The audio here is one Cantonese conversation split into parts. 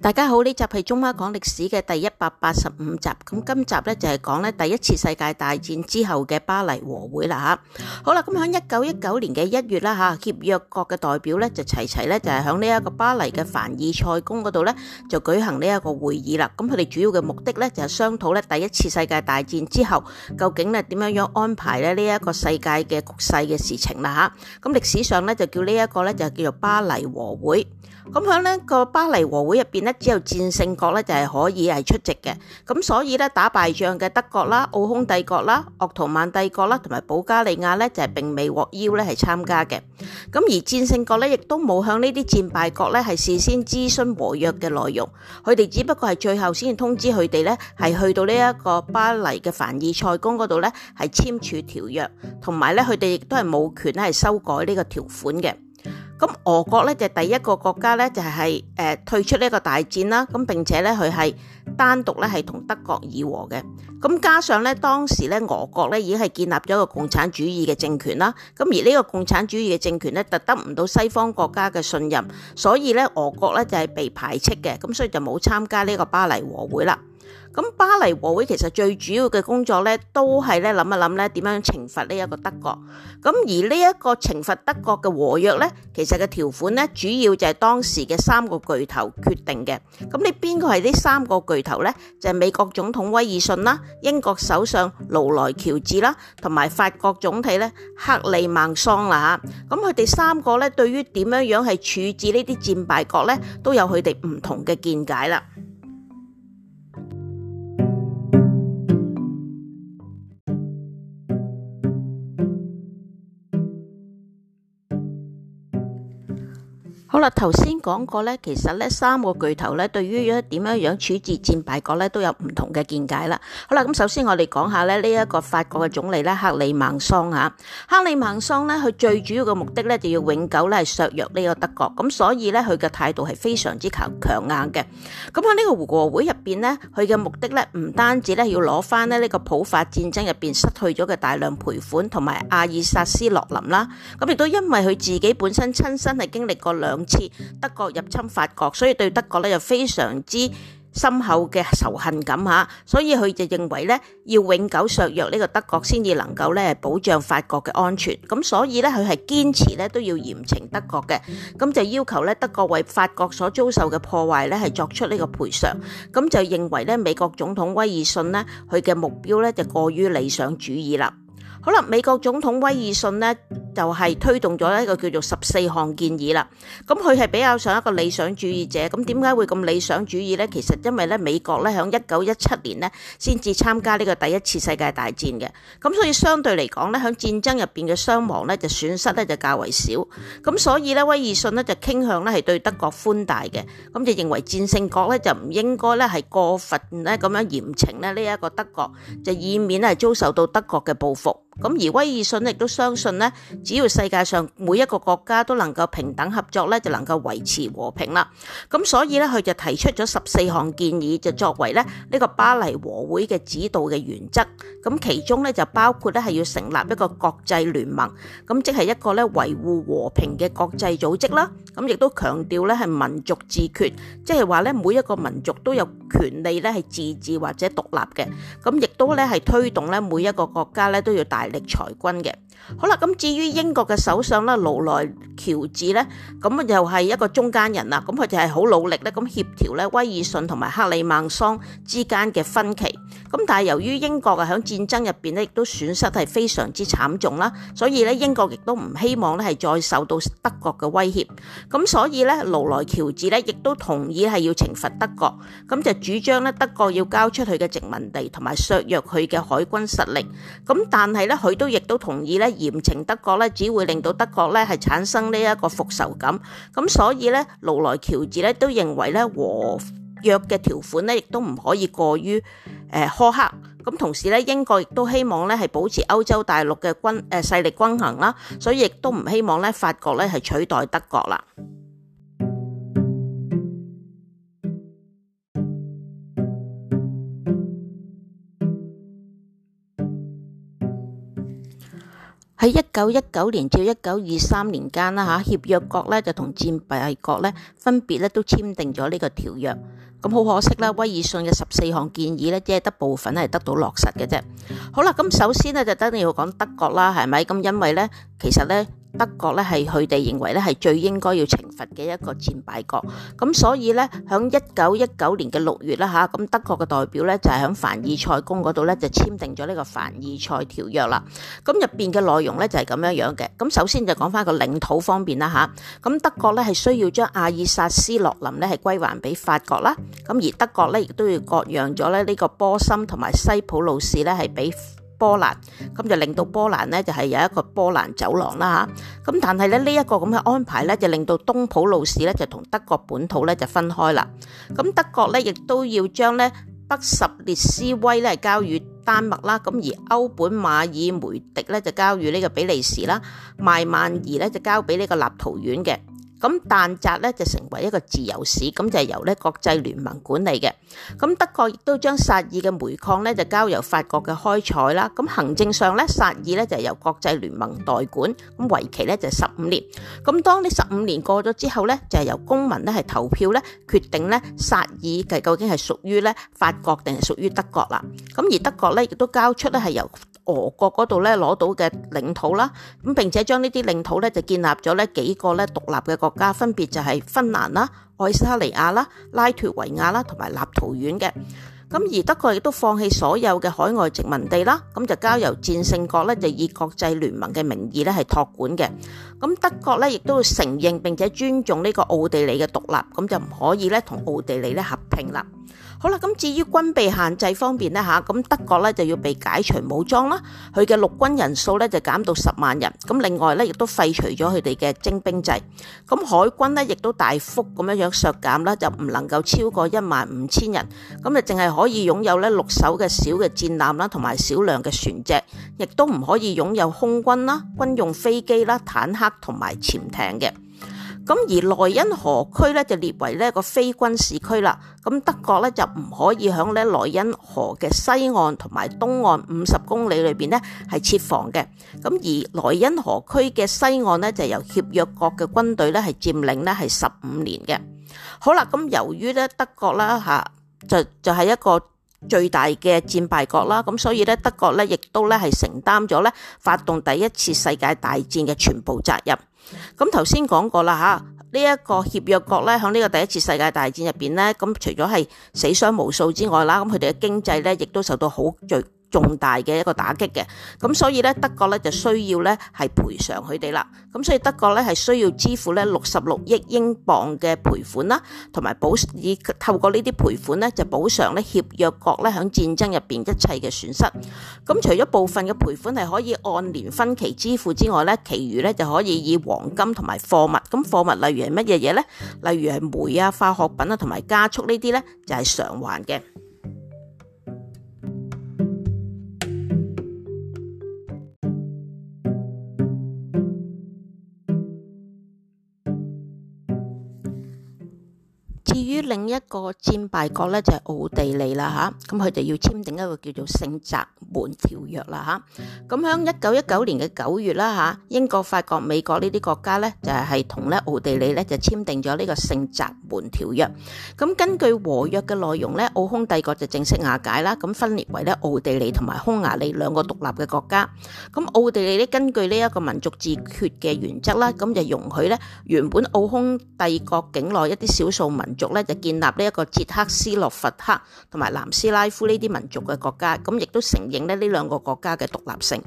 大家好，呢集係 Chung Ma 講歷史嘅第一百八十五集。咁今集咧就係講咧第一次世界大戰之後嘅巴黎和會啦吓。好啦，咁喺一九一九年嘅一月啦吓，協約國嘅代表咧就齊齊咧就係喺呢一個巴黎嘅凡爾賽宮嗰度咧就舉行呢一個會議啦。咁佢哋主要嘅目的咧就係商討咧第一次世界大戰之後究竟咧點樣樣安排咧呢一個世界嘅局勢嘅事情啦吓。咁歷史上咧就叫呢一個咧就叫做巴黎和會。咁喺呢個巴黎和會入邊，咧，只有戰勝國咧就係可以係出席嘅。咁所以咧，打敗仗嘅德國啦、奧匈帝國啦、鄂圖曼帝國啦，同埋保加利亞咧，就係並未獲邀咧係參加嘅。咁而戰勝國咧，亦都冇向呢啲戰敗國咧係事先諮詢和約嘅內容。佢哋只不過係最後先通知佢哋咧，係去到呢一個巴黎嘅凡爾賽宮嗰度咧，係簽署條約，同埋咧佢哋亦都係冇權咧係修改呢個條款嘅。咁俄國咧就第一個國家咧就係誒退出呢個大戰啦，咁並且咧佢係單獨咧係同德國議和嘅，咁加上咧當時咧俄國咧已經係建立咗一個共產主義嘅政權啦，咁而呢個共產主義嘅政權咧就得唔到西方國家嘅信任，所以咧俄國咧就係被排斥嘅，咁所以就冇參加呢個巴黎和會啦。咁巴黎和會其實最主要嘅工作咧，都係咧諗一諗咧點樣懲罰呢一個德國。咁而呢一個懲罰德國嘅和約咧，其實嘅條款咧，主要就係當時嘅三個巨頭決定嘅。咁你邊個係呢三個巨頭咧？就係美國總統威爾遜啦，英國首相勞萊喬治啦，同埋法國總體咧克利孟桑啦吓。咁佢哋三個咧，對於點樣樣係處置呢啲戰敗國咧，都有佢哋唔同嘅見解啦。好啦，頭先講過咧，其實咧三個巨頭咧對於一點樣樣處置戰敗國咧都有唔同嘅見解啦。好啦，咁首先我哋講下咧呢一個法國嘅總理咧克里孟桑吓，克里孟桑咧佢最主要嘅目的咧就是要永久咧係削弱呢個德國，咁所以咧佢嘅態度係非常之強硬嘅。咁喺呢個和會入邊呢，佢嘅目的咧唔單止咧要攞翻呢個普法戰爭入邊失去咗嘅大量賠款同埋阿爾薩斯洛林啦，咁亦都因為佢自己本身親身係經歷過兩。德國入侵法國，所以對德國咧有非常之深厚嘅仇恨感吓，所以佢就認為咧要永久削弱呢個德國先至能夠咧保障法國嘅安全，咁所以咧佢係堅持咧都要嚴懲德國嘅，咁就要求咧德國為法國所遭受嘅破壞咧係作出呢個賠償，咁就認為咧美國總統威爾遜呢，佢嘅目標咧就過於理想主義啦。好啦，美國總統威爾遜呢就係推動咗一個叫做十四項建議啦。咁佢係比較上一個理想主義者。咁點解會咁理想主義呢？其實因為咧美國咧響一九一七年呢先至參加呢個第一次世界大戰嘅，咁所以相對嚟講咧響戰爭入面嘅傷亡咧就損失咧就較為少。咁所以咧威爾遜呢就傾向咧係對德國寬大嘅，咁就認為戰勝國咧就唔應該咧係過分咧咁樣嚴懲咧呢一個德國，就以免咧遭受到德國嘅報復。咁而威爾遜亦都相信咧，只要世界上每一個國家都能夠平等合作咧，就能夠維持和平啦。咁所以咧，佢就提出咗十四項建議，就作為咧呢個巴黎和會嘅指導嘅原則，咁其中咧就包括咧係要成立一個國際聯盟，咁即係一個咧維護和平嘅國際組織啦。咁亦都強調咧係民族自決，即係話咧每一個民族都有權利咧係自治或者獨立嘅。咁亦都咧係推動咧每一個國家咧都要大。力裁軍嘅，好啦，咁至於英國嘅首相咧，勞萊喬治咧，咁又係一個中間人啊，咁佢就係好努力咧，咁協調咧，威爾遜同埋克里孟桑之間嘅分歧。咁但係由於英國啊喺戰爭入面咧，亦都損失係非常之慘重啦，所以咧英國亦都唔希望咧係再受到德國嘅威脅，咁所以咧勞萊喬治咧亦都同意係要懲罰德國，咁就主張咧德國要交出佢嘅殖民地同埋削弱佢嘅海軍實力，咁但係咧佢都亦都同意咧嚴懲德國咧，只會令到德國咧係產生呢一個復仇感，咁所以咧勞萊喬治咧都認為咧和約嘅條款咧，亦都唔可以過於誒苛刻。咁、呃、同時咧，英國亦都希望咧係保持歐洲大陸嘅均誒勢力均衡啦，所以亦都唔希望咧法國咧係取代德國啦。喺一九一九年至一九二三年間啦，吓協約國咧就同戰敗國咧分別咧都簽訂咗呢個條約。咁好可惜啦，威爾遜嘅十四項建議咧，只係得部分係得到落實嘅啫。好啦，咁首先咧，就得你要講德國啦，係咪？咁因為咧，其實咧。德國咧係佢哋認為咧係最應該要懲罰嘅一個戰敗國，咁所以咧喺一九一九年嘅六月啦嚇，咁德國嘅代表咧就係喺凡爾賽宮嗰度咧就簽訂咗呢個凡爾賽條約啦。咁入邊嘅內容咧就係咁樣樣嘅。咁首先就講翻個領土方面啦吓，咁德國咧係需要將阿爾薩斯、洛林咧係歸還俾法國啦，咁而德國咧亦都要割讓咗咧呢個波森同埋西普魯士咧係俾。波蘭咁就令到波蘭呢，就係有一個波蘭走廊啦嚇，咁但係咧呢一個咁嘅安排呢，就令到東普魯士呢，就同德國本土呢，就分開啦，咁德國呢，亦都要將呢北十列斯威呢，交予丹麥啦，咁而歐本馬爾梅迪呢，就交予呢個比利時啦，麥曼爾呢，就交俾呢個立陶宛嘅。咁但澤咧就成為一個自由市，咁就係由咧國際聯盟管理嘅。咁德國亦都將薩爾嘅煤礦咧就交由法國嘅開採啦。咁行政上咧薩爾咧就係由國際聯盟代管，咁為期咧就十五年。咁當呢十五年過咗之後咧，就係由公民咧係投票咧決定咧薩爾嘅究竟係屬於咧法國定係屬於德國啦。咁而德國咧亦都交出咧係由俄國嗰度咧攞到嘅領土啦，咁並且將呢啲領土咧就建立咗咧幾個咧獨立嘅國家，分別就係芬蘭啦、愛沙尼亞啦、拉脱維亞啦同埋立陶宛嘅。咁而德國亦都放棄所有嘅海外殖民地啦，咁就交由戰勝國咧就以國際聯盟嘅名義咧係託管嘅。咁德國咧亦都承認並且尊重呢個奧地利嘅獨立，咁就唔可以咧同奧地利咧合併啦。好啦，咁至於軍備限制方面呢，吓，咁德國咧就要被解除武裝啦，佢嘅陸軍人數咧就減到十萬人，咁另外咧亦都廢除咗佢哋嘅徵兵制，咁海軍咧亦都大幅咁樣樣削減啦，就唔能夠超過一萬五千人，咁就淨係可以擁有咧六艘嘅小嘅戰艦啦，同埋少量嘅船隻，亦都唔可以擁有空軍啦、軍用飛機啦、坦克同埋潛艇嘅。咁而萊茵河區咧就列為一個非軍事區啦，咁德國咧就唔可以喺咧萊茵河嘅西岸同埋東岸五十公里裏邊咧係設防嘅。咁而萊茵河區嘅西岸咧就由協約國嘅軍隊咧係佔領咧係十五年嘅。好啦，咁由於咧德國啦嚇就就係一個最大嘅戰敗國啦，咁所以咧德國咧亦都咧係承擔咗咧發動第一次世界大戰嘅全部責任。咁頭先講過啦吓，呢一個協約國咧喺呢個第一次世界大戰入邊咧，咁除咗係死傷無數之外啦，咁佢哋嘅經濟咧亦都受到好巨。重大嘅一個打擊嘅，咁所以咧德國咧就需要咧係賠償佢哋啦，咁所以德國咧係需要支付咧六十六億英鎊嘅賠款啦，同埋保以透過呢啲賠款咧就補償咧協約國咧喺戰爭入面一切嘅損失。咁除咗部分嘅賠款係可以按年分期支付之外咧，其餘咧就可以以黃金同埋貨物，咁貨物例如係乜嘢嘢咧？例如係煤啊、化學品啊同埋加速呢啲咧就係償還嘅。一個戰敗國咧就係奧地利啦吓，咁佢哋要簽訂一個叫做《聖澤門條約》啦吓，咁喺一九一九年嘅九月啦吓，英國、法國、美國呢啲國家咧就係同咧奧地利咧就簽訂咗呢個《聖澤門條約》。咁根據和約嘅內容咧，奧匈帝國就正式瓦解啦，咁分裂為咧奧地利同埋匈牙利兩個獨立嘅國家。咁奧地利咧根據呢一個民族自決嘅原則啦，咁就容許咧原本奧匈帝國境內一啲少數民族咧就建。建立呢一個捷克斯洛伐克同埋南斯拉夫呢啲民族嘅國家，咁亦都承認咧呢兩個國家嘅獨立性。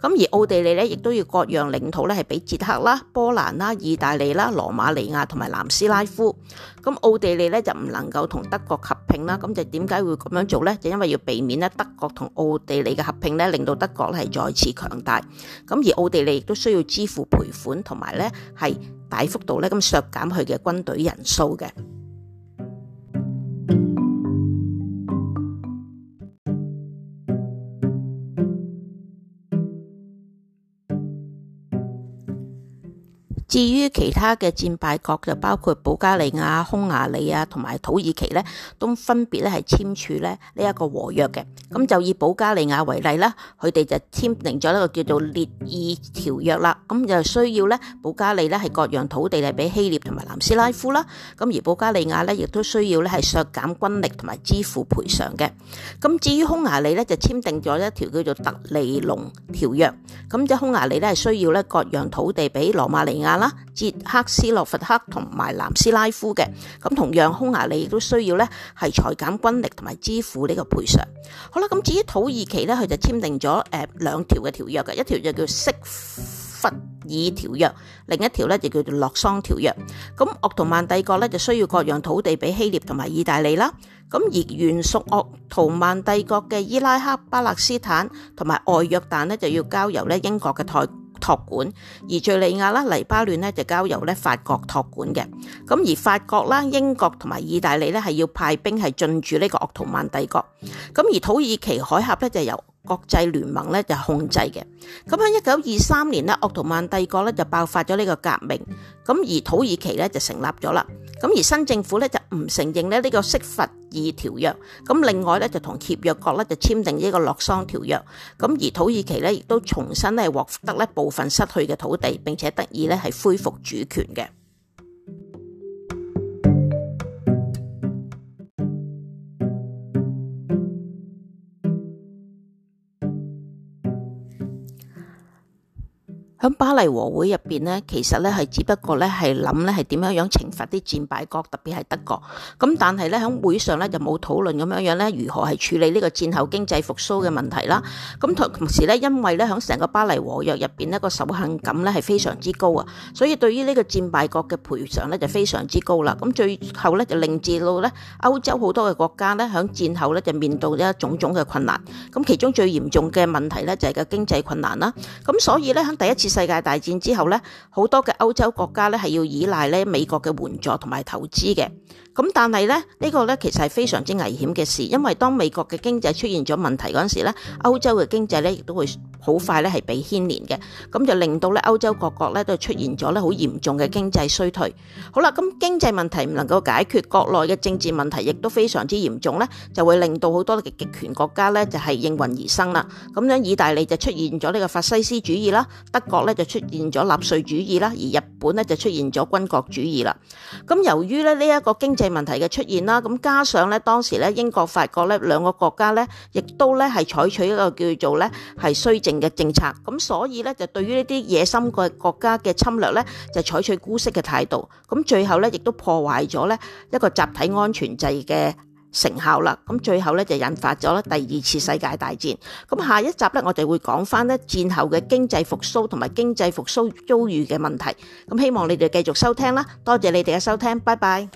咁而奧地利咧，亦都要割讓領土咧，係俾捷克啦、波蘭啦、意大利啦、羅馬尼亞同埋南斯拉夫。咁奧地利咧就唔能夠同德國合併啦。咁就點解會咁樣做咧？就因為要避免咧德國同奧地利嘅合併咧，令到德國係再次強大。咁而奧地利亦都需要支付賠款，同埋咧係大幅度咧咁削減佢嘅軍隊人數嘅。至於其他嘅戰敗國就包括保加利亞、匈牙利啊同埋土耳其咧，都分別咧係簽署咧呢一個和約嘅。咁就以保加利亞為例啦，佢哋就簽訂咗一個叫做《列意條約》啦。咁就需要咧保加利咧係割讓土地嚟俾希臘同埋南斯拉夫啦。咁而保加利亞咧亦都需要咧係削減軍力同埋支付賠償嘅。咁至於匈牙利咧就簽訂咗一條叫做《特利隆條約》。咁即係匈牙利咧係需要咧割讓土地俾羅馬尼亞啦。捷克斯洛伐克同埋南斯拉夫嘅，咁同樣匈牙利亦都需要咧係裁減軍力同埋支付呢個賠償。好啦，咁至於土耳其咧，佢就簽訂咗誒、呃、兩條嘅條約嘅，一條就叫色佛爾條約，另一條咧就叫做洛桑條約。咁、呃、鄂圖曼帝國咧就需要割讓土地俾希臘同埋意大利啦。咁而原屬鄂圖曼帝國嘅伊拉克、巴勒斯坦同埋外約旦呢，就要交由咧英國嘅台。託管，而敍利亞啦、黎巴嫩呢就交由咧法國託管嘅，咁而法國啦、英國同埋意大利咧係要派兵係進駐呢個鄂圖曼帝國，咁而土耳其海峽咧就由國際聯盟咧就控制嘅，咁喺一九二三年咧，奧圖曼帝國咧就爆發咗呢個革命，咁而土耳其咧就成立咗啦，咁而新政府咧就唔承認咧呢個色佛爾條約，咁另外咧就同協約國咧就簽訂呢個洛桑條約，咁而土耳其咧亦都重新咧獲得咧部分失去嘅土地，並且得以咧係恢復主權嘅。喺巴黎和會入邊呢，其實咧係只不過咧係諗咧係點樣樣懲罰啲戰敗國，特別係德國。咁但係咧喺會上咧就冇討論咁樣樣咧，如何係處理呢個戰後經濟復甦嘅問題啦。咁同時咧，因為咧喺成個巴黎和約入邊呢個仇恨感咧係非常之高啊，所以對於呢個戰敗國嘅賠償咧就非常之高啦。咁最後咧就令至到咧歐洲好多嘅國家咧喺戰後咧就面對一種種嘅困難。咁其中最嚴重嘅問題咧就係個經濟困難啦。咁所以咧喺第一次世界大戰之後咧，好多嘅歐洲國家咧係要依賴咧美國嘅援助同埋投資嘅。咁但係咧呢個咧其實係非常之危險嘅事，因為當美國嘅經濟出現咗問題嗰陣時咧，歐洲嘅經濟咧亦都會。好快咧係被牽連嘅，咁就令到咧歐洲各國咧都出現咗咧好嚴重嘅經濟衰退。好啦，咁經濟問題唔能夠解決，國內嘅政治問題亦都非常之嚴重咧，就會令到好多嘅極權國家咧就係應運而生啦。咁樣意大利就出現咗呢個法西斯主義啦，德國咧就出現咗納粹主義啦，而日本咧就出現咗軍國主義啦。咁由於咧呢一個經濟問題嘅出現啦，咁加上咧當時咧英國、法國呢兩個國家咧，亦都咧係採取一個叫做咧係衰淨嘅政策咁，所以咧就對於呢啲野心嘅國家嘅侵略咧，就採取姑息嘅態度。咁最後咧亦都破壞咗咧一個集體安全制嘅成效啦。咁最後咧就引發咗咧第二次世界大戰。咁下一集咧我哋會講翻咧戰後嘅經濟復甦同埋經濟復甦遭遇嘅問題。咁希望你哋繼續收聽啦，多謝你哋嘅收聽，拜拜。